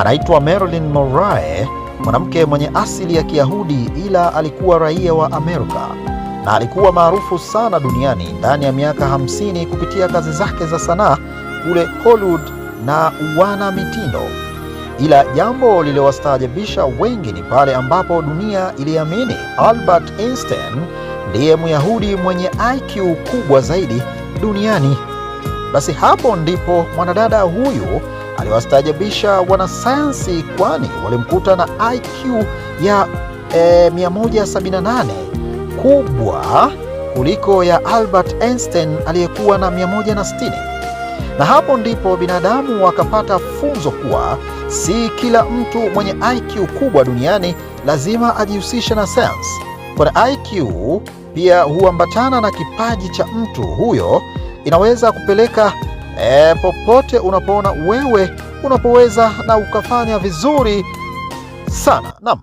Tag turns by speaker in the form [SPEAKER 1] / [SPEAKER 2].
[SPEAKER 1] anaitwa Marilyn Monroe, mwanamke mwenye asili ya Kiyahudi ila alikuwa raia wa Amerika na alikuwa maarufu sana duniani ndani ya miaka 50 kupitia kazi zake za sanaa kule Hollywood na uwana mitindo. Ila jambo lililowastaajabisha wengi ni pale ambapo dunia iliamini Albert Einstein ndiye Myahudi mwenye IQ kubwa zaidi duniani. Basi hapo ndipo mwanadada huyu aliwastaajabisha wanasayansi kwani walimkuta na IQ ya eh, e, 178 kubwa kuliko ya Albert Einstein aliyekuwa na 160 na hapo ndipo binadamu wakapata funzo kuwa si kila mtu mwenye IQ kubwa duniani lazima ajihusishe na sayansi, kwani IQ pia huambatana na kipaji cha mtu huyo, inaweza kupeleka e, popote unapoona wewe unapoweza na ukafanya vizuri sana. Naam.